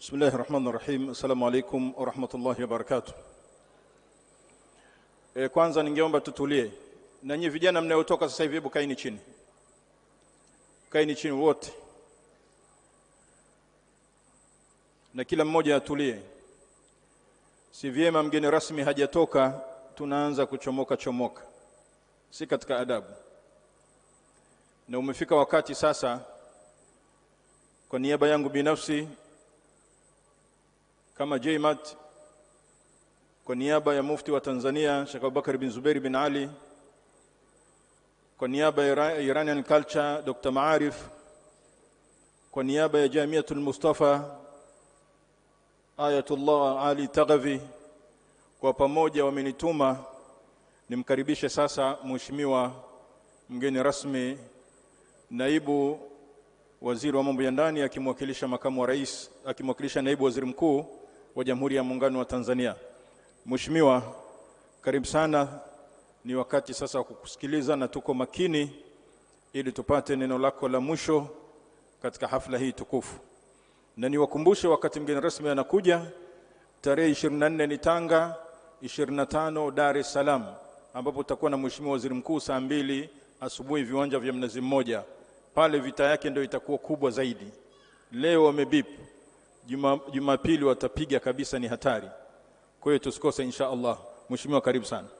بسم الله الرحمن الرحيم السلام عليكم ورحمة الله وبركاته E, kwanza ningeomba tutulie na nyinyi vijana mnayotoka sasa hivi, hebu kaini chini, kaini chini wote, na kila mmoja atulie. Si vyema mgeni rasmi hajatoka tunaanza kuchomoka chomoka, si katika adabu. Na umefika wakati sasa, kwa niaba yangu binafsi kama JMAT kwa niaba ya mufti wa Tanzania Sheikh Abubakar bin Zuberi bin Ali, kwa niaba ya Iranian Culture Dr. Maarif, kwa niaba ya Jamiatul Mustafa Ayatullah Ali tagavi kwa pamoja wamenituma nimkaribishe sasa mheshimiwa mgeni rasmi naibu waziri wa mambo ya ndani akimwakilisha makamu wa rais akimwakilisha naibu waziri mkuu wa Jamhuri ya Muungano wa Tanzania. Mheshimiwa, karibu sana, ni wakati sasa wa kukusikiliza na tuko makini ili tupate neno lako la mwisho katika hafla hii tukufu. Na niwakumbushe wakati mgeni rasmi anakuja, tarehe 24 ni Tanga, 25 Dar es Salaam, ambapo tutakuwa na Mheshimiwa Waziri Mkuu saa mbili asubuhi, viwanja vya Mnazi Mmoja. Pale vita yake ndio itakuwa kubwa zaidi. Leo wamebip Jumapili watapiga kabisa, ni hatari. Kwa hiyo tusikose insha Allah. Mheshimiwa, karibu sana.